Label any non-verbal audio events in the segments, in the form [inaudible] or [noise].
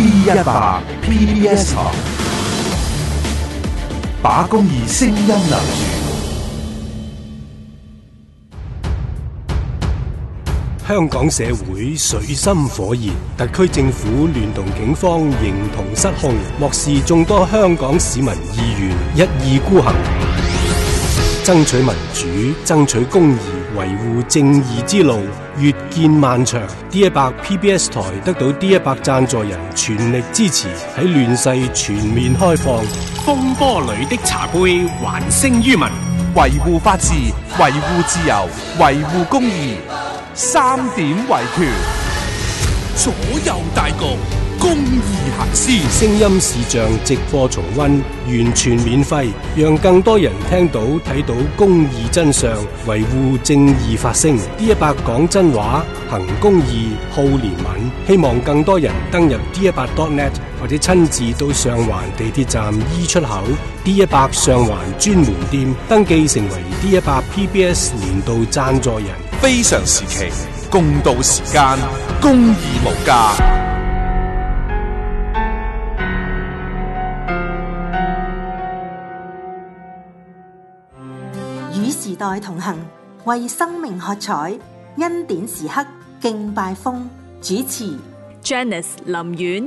P 一百 PBS 把公義聲音留住。香港社會水深火熱，特區政府聯同警方形同失控，漠視眾多香港市民意願，一意孤行，爭取民主，爭取公義。維護正義之路越見漫長，D 一百 PBS 台得到 D 一百贊助人全力支持，喺亂世全面開放。風波裏的茶杯還聲於民，維護法治，維護自由，維護公義，三點維權，左右大局。公義行先，聲音視像直播重溫，完全免費，讓更多人聽到睇到公義真相，維護正義發聲。D 一百講真話，行公義，好憐憫，希望更多人登入 D 一百 dotnet 或者親自到上環地鐵站 E 出口 D 一百上環專門店登記成為 D 一百 PBS 年度贊助人。非常時期，共度時間，公義無價。代同行，為生命喝彩，恩典時刻敬拜風。主持 Janice 林苑，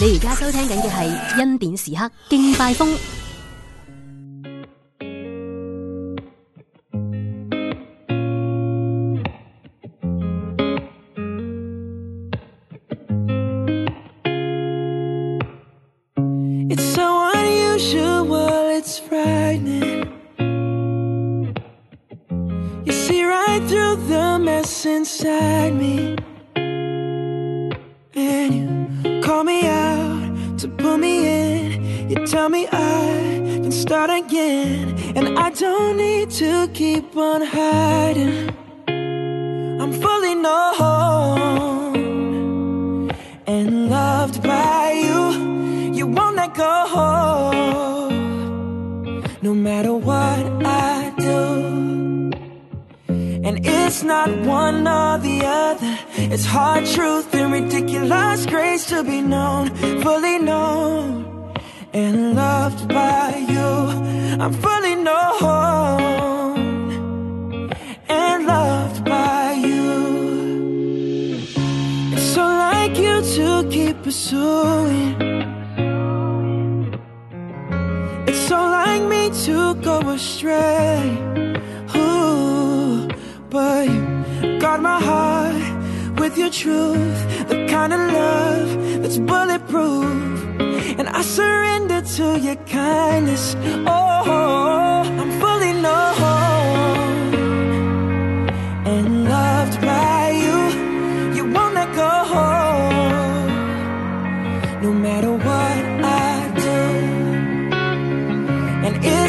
你而家收聽緊嘅係恩典時刻敬拜風。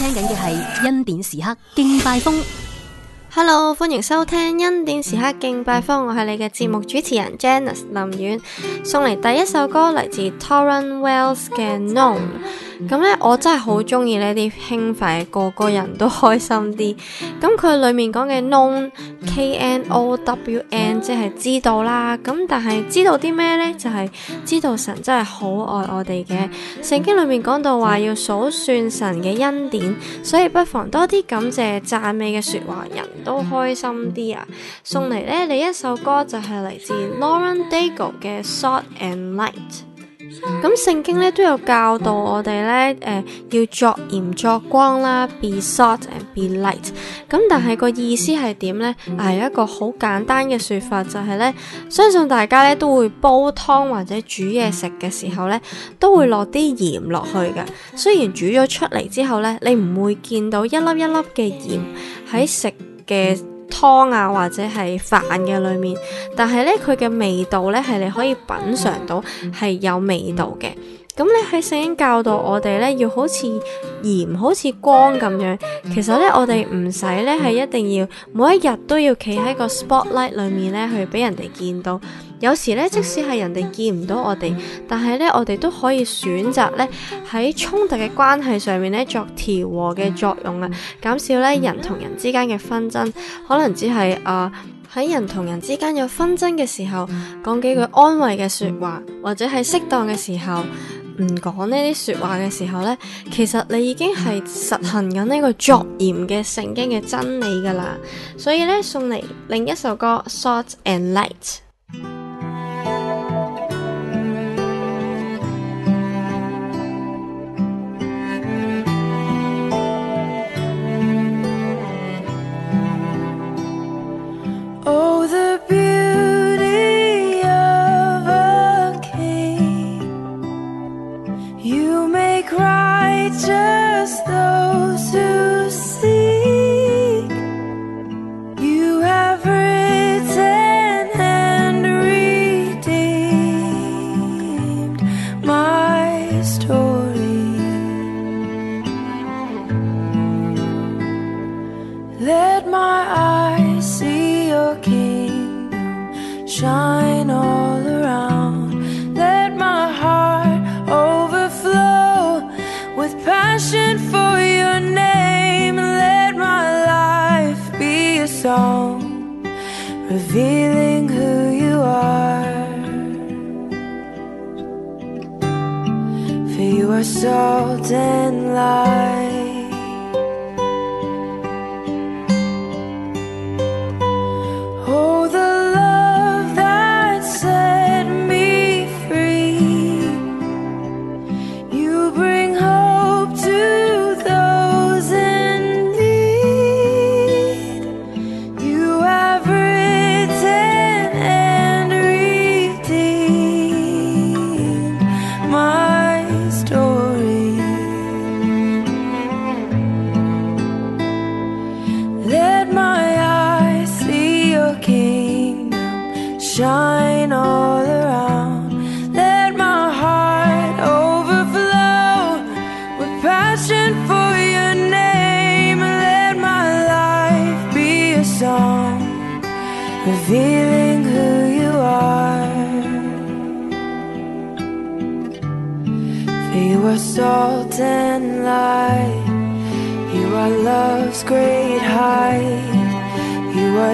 聽緊嘅係恩典時刻敬拜風。Hello，歡迎收聽恩典時刻敬拜風。我係你嘅節目主持人 Janice 林苑，送嚟第一首歌嚟自 Toran Wells 嘅 Known。 [laughs] 咁咧，我真係好中意呢啲興奮嘅歌，個個人都開心啲。咁佢裏面講嘅 know，k n o w n，即係知道啦。咁但係知道啲咩呢？就係知道神真係好愛我哋嘅。聖經裏面講到話要數算神嘅恩典，所以不妨多啲感謝讚美嘅說話，人都開心啲啊！送嚟呢，你一首歌就係嚟自 Lauren Daigle 嘅《Salt and Light》。咁聖經咧都有教導我哋咧，誒、呃，要作鹽作光啦，be salt and be light。咁但係個意思係點呢？啊，有一個好簡單嘅說法就係、是、呢：相信大家咧都會煲湯或者煮嘢食嘅時候呢，都會落啲鹽落去嘅。雖然煮咗出嚟之後呢，你唔會見到一粒一粒嘅鹽喺食嘅。湯啊，或者係飯嘅裏面，但係呢，佢嘅味道呢，係你可以品嘗到，係有味道嘅。咁你喺聖經教導我哋呢，要好似鹽，好似光咁樣。其實呢，我哋唔使呢，係一定要每一日都要企喺個 spotlight 裏面呢，去俾人哋見到。有時咧，即使係人哋見唔到我哋，但係咧，我哋都可以選擇咧喺衝突嘅關係上面咧作調和嘅作用啊，減少咧人同人之間嘅紛爭。可能只係啊喺人同人之間有紛爭嘅時候，講幾句安慰嘅說話，或者係適當嘅時候唔講呢啲說話嘅時候咧，其實你已經係實行緊呢個作鹽嘅聖經嘅真理㗎啦。所以咧，送嚟另一首歌《Salt and Light》。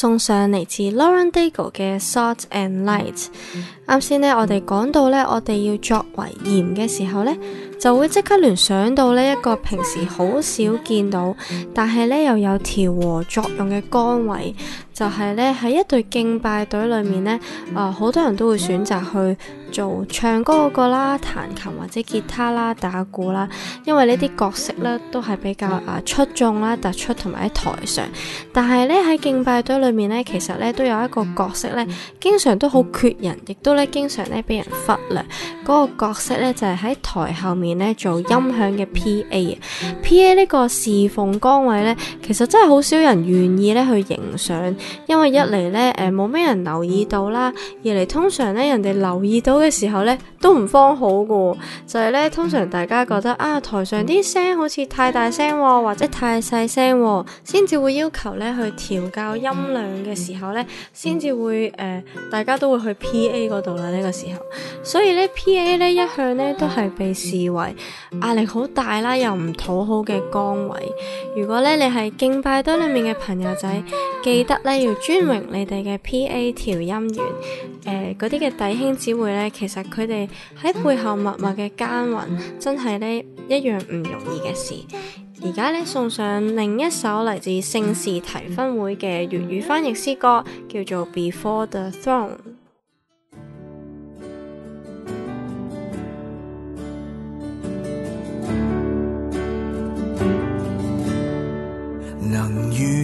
送上嚟自 Lauren Daigle 嘅 Salt and Light。啱先呢，我哋講到呢，我哋要作為鹽嘅時候呢。就會即刻聯想到咧一個平時好少見到，但係咧又有調和作用嘅崗位，就係咧喺一隊敬拜隊裏面咧，啊、呃、好多人都會選擇去做唱歌嗰個啦、彈琴或者吉他啦、打鼓啦，因為呢啲角色咧都係比較啊出眾啦、突出同埋喺台上。但係咧喺敬拜隊裏面咧，其實咧都有一個角色咧，經常都好缺人，亦都咧經常咧俾人忽略嗰、那個、角色咧，就係、是、喺台後面。做音響嘅 PA，PA 呢個侍奉崗位咧，其實真係好少人願意咧去影相，因為一嚟，咧誒冇咩人留意到啦，二嚟通常咧人哋留意到嘅時候咧都唔方好嘅，就係、是、咧通常大家覺得啊台上啲聲好似太大聲或者太細聲，先至會要求咧去調校音量嘅時候咧，先至會誒、呃、大家都會去 PA 度啦呢個時候，所以咧 PA 咧一向咧都係被視為。壓力好大啦，又唔討好嘅崗位。如果咧你係敬拜隊裏面嘅朋友仔，記得咧要尊榮你哋嘅 P.A. 調音員，誒嗰啲嘅弟兄姊妹咧，其實佢哋喺背後默默嘅耕耘，真係呢一樣唔容易嘅事。而家咧送上另一首嚟自聖士提分會嘅粵語翻譯詩歌，叫做 Before the Throne。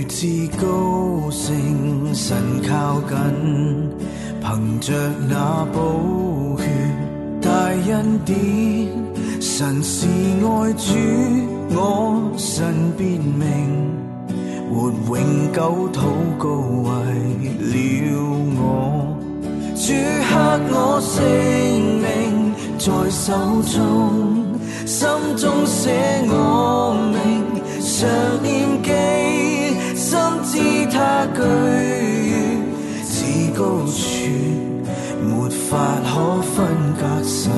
至高聖神靠近，憑着那寶血大恩典，神是愛主我，神必命，活永久禱告為了我，主刻我性命在手中，心中寫我名，常念記。心知他居於至高處，沒法可分隔神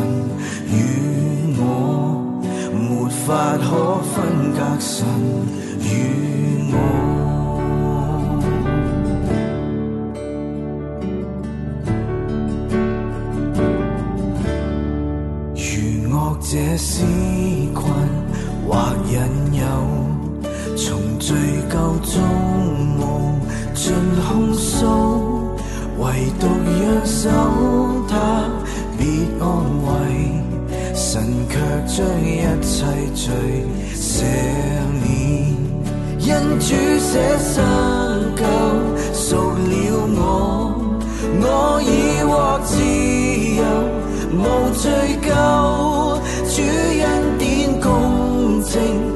與我，沒法可分隔神與我。如惡者施困或引誘。從罪咎中無盡控訴，唯獨讓守他別安慰，神卻將一切罪赦免。因主捨身救贖了我，我已獲自由，無罪咎。主恩典公正。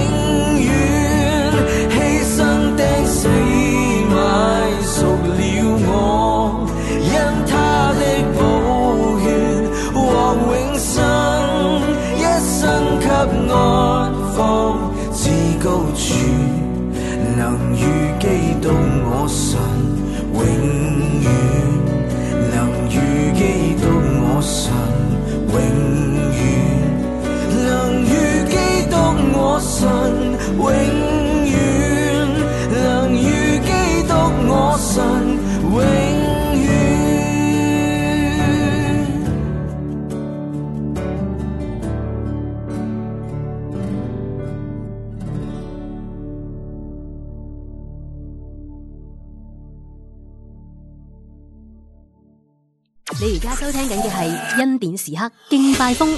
聽緊嘅係恩典時刻敬拜風。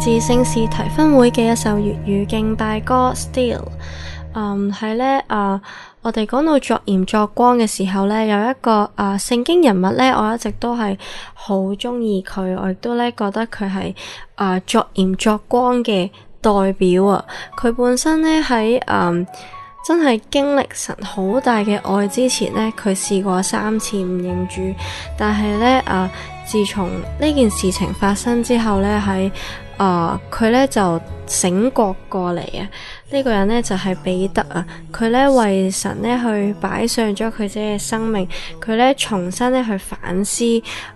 自聖使提分會嘅一首粵語敬拜歌《Still》，嗯，喺呢。啊，我哋講到作鹽作光嘅時候呢，有一個啊聖經人物呢，我一直都係好中意佢，我亦都呢覺得佢係啊作鹽作光嘅代表啊。佢本身呢，喺嗯真係經歷神好大嘅愛之前呢，佢試過三次唔認主，但係呢，啊，自從呢件事情發生之後呢，喺啊、呃！佢咧就醒覺過嚟啊！呢、呢個人咧就係、是、彼得啊！佢咧為神咧去擺上咗佢自己嘅生命，佢咧重新咧去反思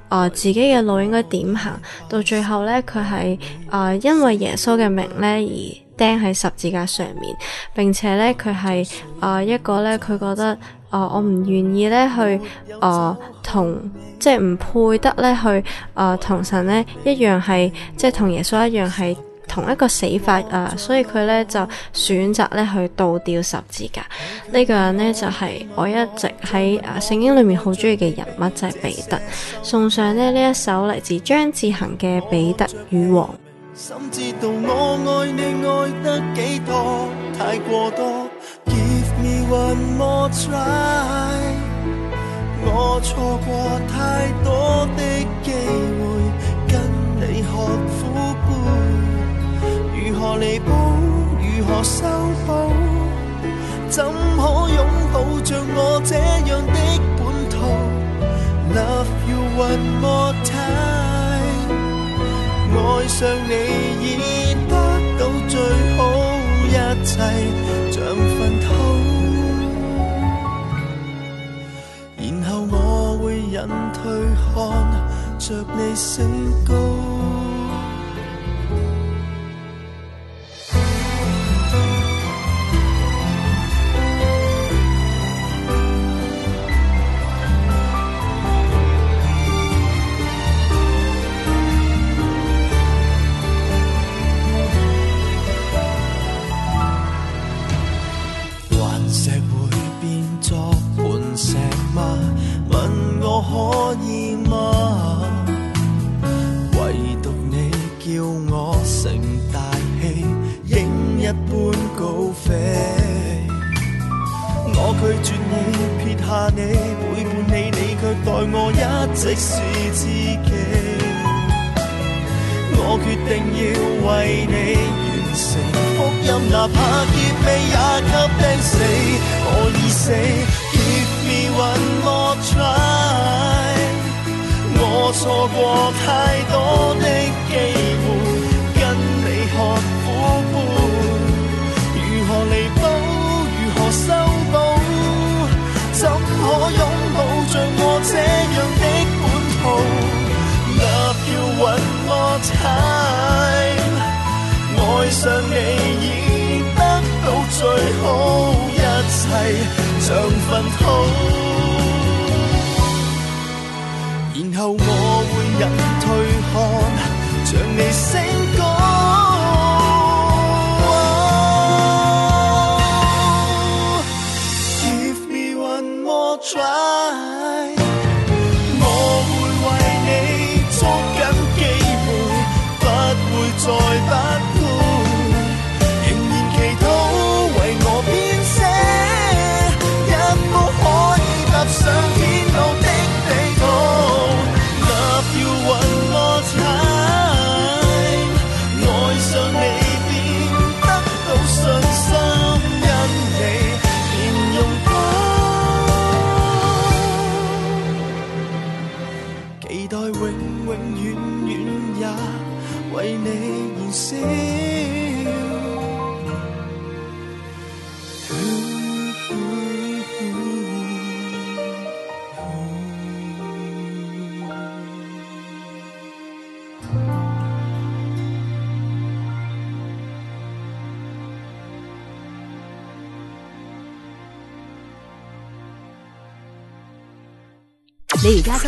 啊、呃、自己嘅路應該點行，到最後咧佢係啊因為耶穌嘅名咧而釘喺十字架上面，並且咧佢係啊一個咧佢覺得啊、呃、我唔願意咧去啊同。呃即係唔配得咧去誒同、呃、神咧一樣係，即係同耶穌一樣係同一個死法啊、呃！所以佢咧就選擇咧去倒吊十字架。呢、這個人咧就係、是、我一直喺誒、啊、聖經裏面好鍾意嘅人物，就係、是、彼得。送上咧呢這一首嚟自張志恆嘅《彼得與王》。我錯過太多的機會，跟你喝苦杯。如何彌補？如何修補？怎可擁抱着我這樣的叛徒？Love you one more time，愛上你已得到最好一切，像糞土。會隱退，看着你升高。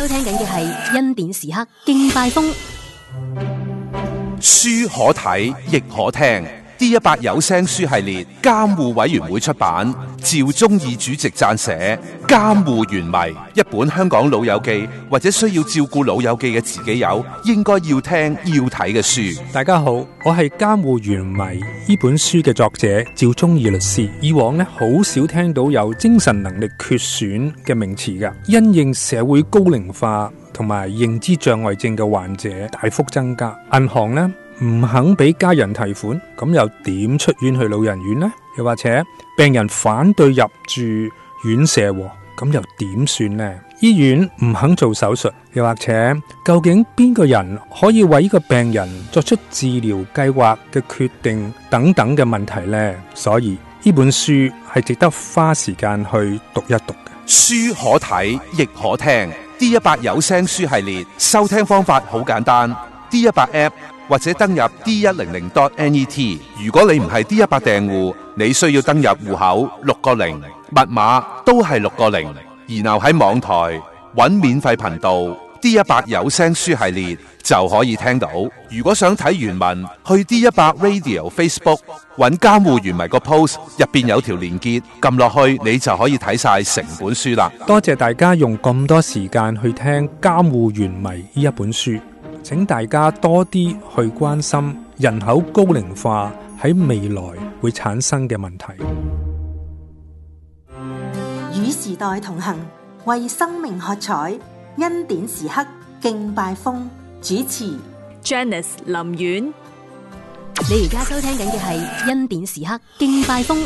收聽緊嘅係恩典時刻敬拜風，書可睇亦可聽。D 一百有聲書系列，監護委員會出版，趙忠義主席撰寫《監護原迷》，一本香港老友記或者需要照顧老友記嘅自己友應該要聽要睇嘅書。大家好，我係《監護原迷》呢本書嘅作者趙忠義律師。以往呢好少聽到有精神能力缺損嘅名詞㗎，因應社會高齡化同埋認知障礙症嘅患者大幅增加，銀行呢。唔肯俾家人提款，咁又點出院去老人院呢？又或者病人反對入住院舍，咁又點算呢？醫院唔肯做手術，又或者究竟邊個人可以為呢個病人作出治療計劃嘅決定等等嘅問題呢？所以呢本書係值得花時間去讀一讀嘅。書可睇，亦可聽。D100 有聲書系列，收聽方法好簡單。D100 App。或者登入 d 一零零 dotnet。如果你唔係 D 一百訂戶，你需要登入戶口六個零，密碼都係六個零。然後喺網台揾免費頻道 D 一百有聲書系列就可以聽到。如果想睇原文，去 D 一百 radio Facebook 揾監護原迷個 post，入邊有條連結，撳落去你就可以睇晒成本書啦。多謝大家用咁多時間去聽監護原迷呢一本書。請大家多啲去關心人口高齡化喺未來會產生嘅問題。與時代同行，為生命喝彩，恩典時刻敬拜風，主持 Janice 林苑。你而家收聽緊嘅係恩典時刻敬拜風。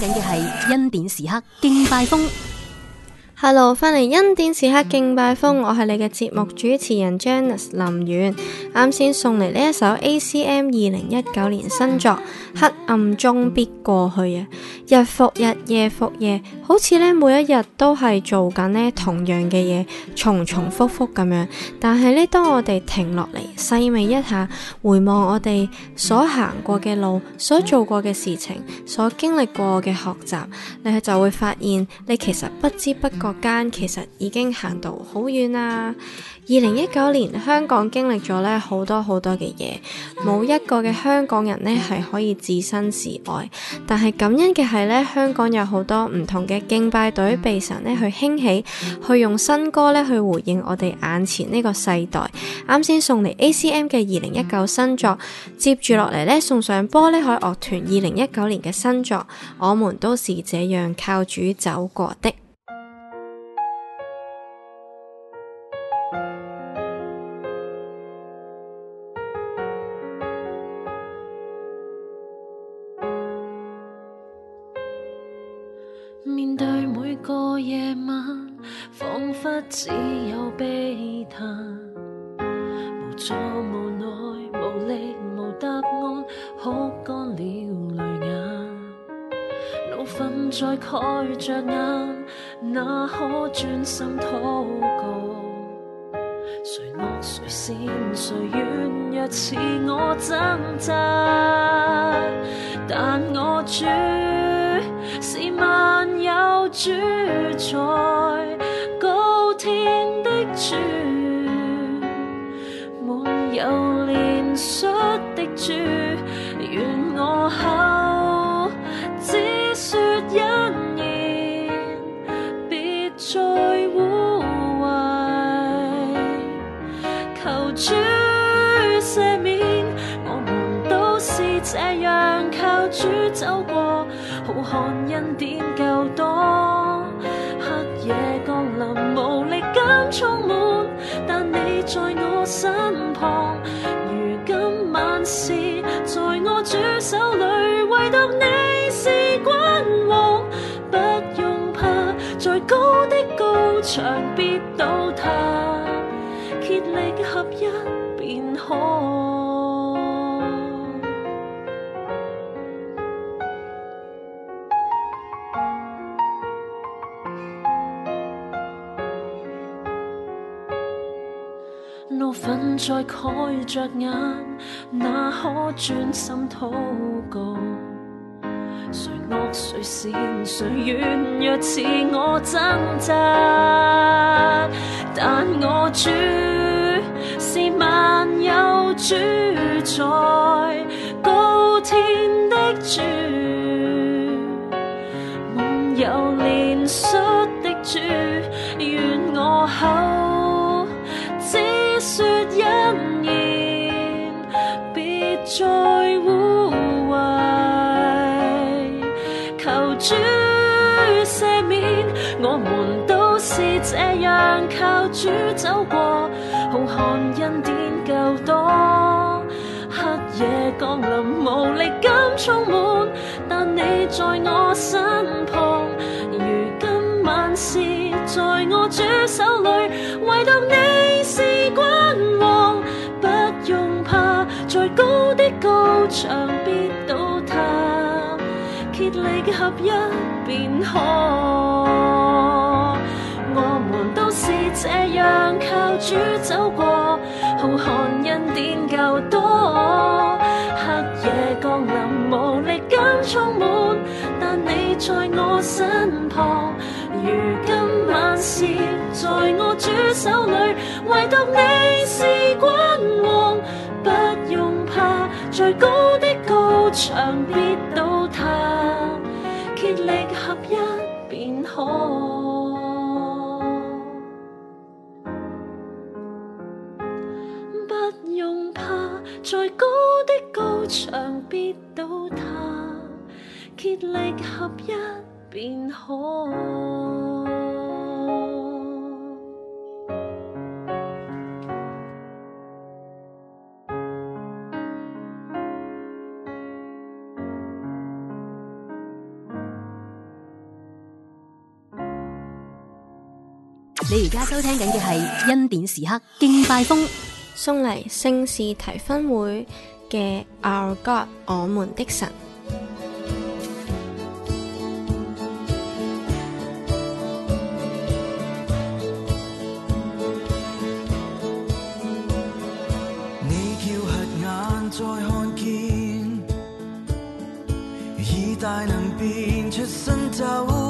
緊嘅係恩典時刻敬拜風。hello，翻嚟恩典時刻敬拜風，我係你嘅節目主持人 Janice 林遠，啱先送嚟呢一首 ACM 二零一九年新作《黑暗中必過去》啊，日復日，夜復夜，好似呢每一日都係做緊呢同樣嘅嘢，重重復復咁樣。但係呢，當我哋停落嚟，細味一下，回望我哋所行過嘅路，所做過嘅事情，所經歷過嘅學習，你就會發現，你其實不知不覺。間其實已經行到好遠啦。二零一九年香港經歷咗呢好多好多嘅嘢，冇一個嘅香港人呢係可以置身事外。但係感恩嘅係呢，香港有好多唔同嘅敬拜隊被神呢去興起，去用新歌呢去回應我哋眼前呢個世代。啱先送嚟 ACM 嘅二零一九新作，接住落嚟呢送上玻璃海樂團二零一九年嘅新作，我們都是這樣靠主走過的。只有悲嘆，無助、無奈、無力無得安、無答案，哭乾了淚眼，啊，怒憤在蓋着眼，那可專心禱告？誰惡誰善，誰軟弱似我掙扎？但我主是萬有主宰。主，滿有憐恤的主，願我口只說恩言，別再污穢，求主赦免。我們都是這樣靠主走過，好看恩典夠多。充滿，但你在我身旁。如今萬事在我主手裏，唯獨你是君王。不用怕，再高的高牆，別倒塌。再蓋着眼，那可專心禱告？誰惡誰善，誰軟弱自我掙扎？但我主是萬有主宰，高天的主，夢有連束的主。在污穢求主赦免，我們都是這樣靠主走過。浩瀚恩典夠多，黑夜降臨無力感充滿，但你在我身旁，如今晚是在我主手裏，唯獨你。力合一便可，我們都是這樣靠主走過。浩瀚恩典夠多，黑夜降臨無力感充滿，但你在我身旁。如今萬事在我主手裏，唯獨你是君王，不用怕，最高的高牆別。它竭力合一便可，不用怕，再高的高牆必倒塌。竭力合一便可。你而家收聽緊嘅係恩典時刻敬拜風送嚟聖士提芬會嘅 Our God，我們的神，你叫瞎眼再看見，耳大能辨出新舊。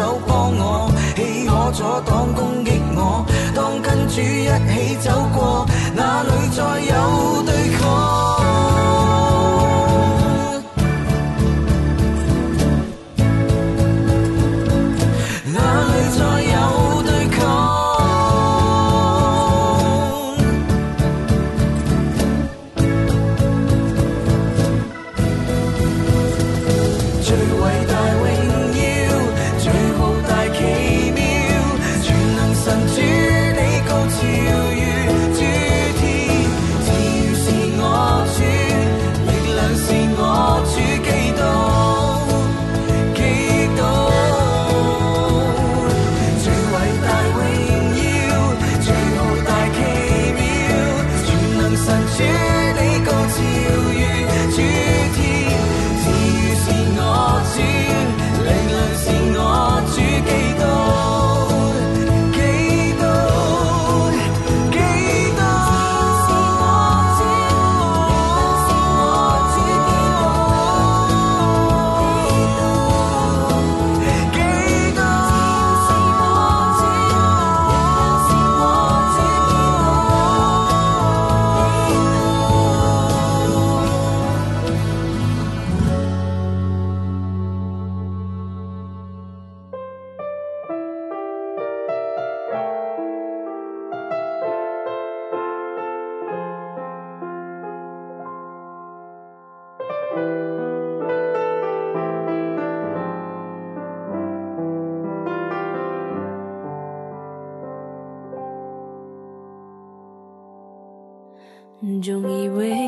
手幫我，起可阻擋，攻擊我。當跟主一起走過，哪裏再有對抗？總以為。.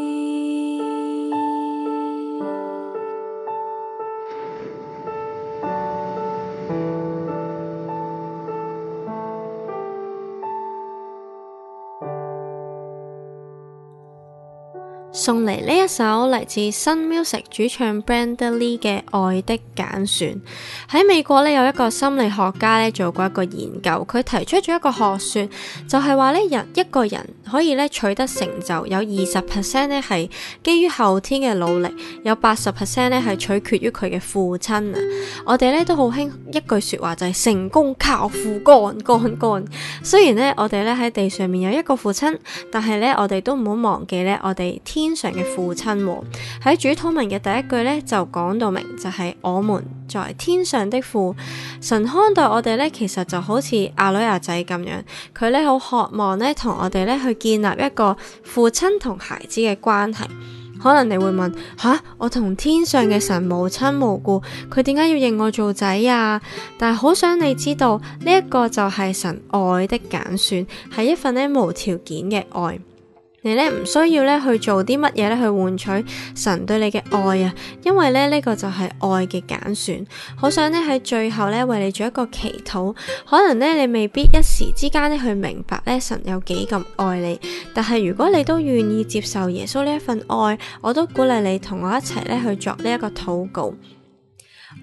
送嚟呢一首嚟自新 Music 主唱 Brenda Lee 嘅《愛的揀選》，喺美國咧有一個心理學家咧做過一個研究，佢提出咗一個學說，就係話咧人一個人。可以咧取得成就，有二十 percent 咧係基於後天嘅努力，有八十 percent 咧係取決於佢嘅父親啊！我哋咧都好興一句說話就係、是、成功靠父幹幹幹。雖然咧我哋咧喺地上面有一個父親，但係咧我哋都唔好忘記咧我哋天上嘅父親喎。喺主禱文嘅第一句咧就講到明就係、是、我們。在天上的父神看待我哋咧，其實就好似阿女阿仔咁樣，佢咧好渴望咧同我哋咧去建立一個父親同孩子嘅關係。可能你會問：吓，我同天上嘅神無親無故，佢點解要認我做仔啊？但係好想你知道呢一個就係神愛的揀選，係一份呢無條件嘅愛。你咧唔需要咧去做啲乜嘢咧去換取神對你嘅愛啊，因為咧呢個就係愛嘅揀選。好想呢喺最後呢為你做一個祈禱，可能呢你未必一時之間呢去明白呢神有幾咁愛你，但係如果你都願意接受耶穌呢一份愛，我都鼓勵你同我一齊呢去作呢一個禱告。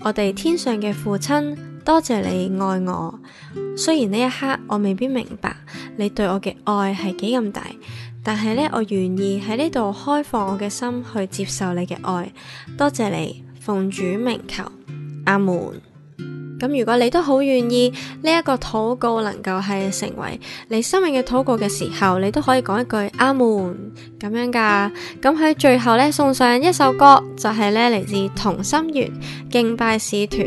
我哋天上嘅父親，多謝你愛我，雖然呢一刻我未必明白你對我嘅愛係幾咁大。但是呢，我願意喺呢度開放我嘅心去接受你嘅愛，多謝你，奉主名求，阿門。咁如果你都好願意呢一個禱告能夠係成為你生命嘅禱告嘅時候，你都可以講一句阿門咁樣噶。咁喺最後呢，送上一首歌，就係呢嚟自同心圓敬拜使團。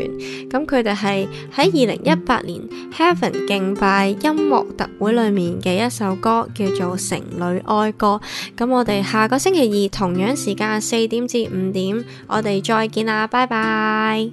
咁佢哋係喺二零一八年 Heaven 敬拜音樂特會裏面嘅一首歌，叫做《城女哀歌》。咁我哋下個星期二同樣時間四點至五點，我哋再見啦，拜拜。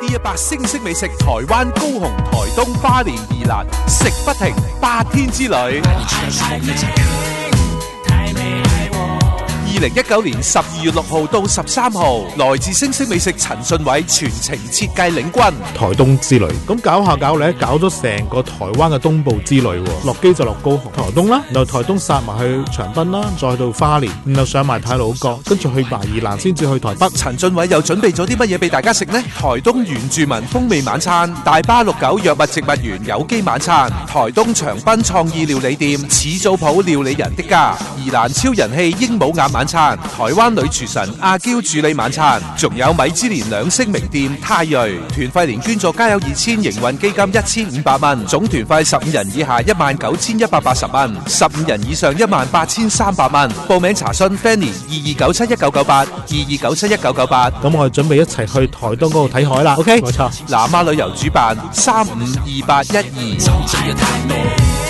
第一百星級美食，台灣高雄、台東花蓮宜蘭，食不停，八天之旅。二零一九年十二月六號到十三號，來自星星美食陳俊偉全程設計領軍台東之旅。咁搞下搞咧，搞咗成個台灣嘅東部之旅。落機就落高雄台東啦，然後台東殺埋去長濱啦，再到花蓮，然後上埋太魯閣，跟住去埋宜蘭，先至去台北。陳俊偉又準備咗啲乜嘢俾大家食呢？台東原住民風味晚餐、大巴六九藥物植物園有機晚餐、台東長濱創意料理店、始祖譜料理人的家、宜蘭超人氣鸚鵡鴨晚餐。餐台灣女廚神阿嬌主理晚餐，仲有米芝蓮兩星名店泰瑞團費連捐助加有二千營運基金一千五百蚊，總團費十五人以下一萬九千一百八十蚊，十五人以上一萬八千三百蚊。報名查詢 Fanny 二二九七一九九八二二九七一九九八。咁我哋準備一齊去台東嗰度睇海啦。OK，冇錯。南媽旅遊主辦三五二八一二。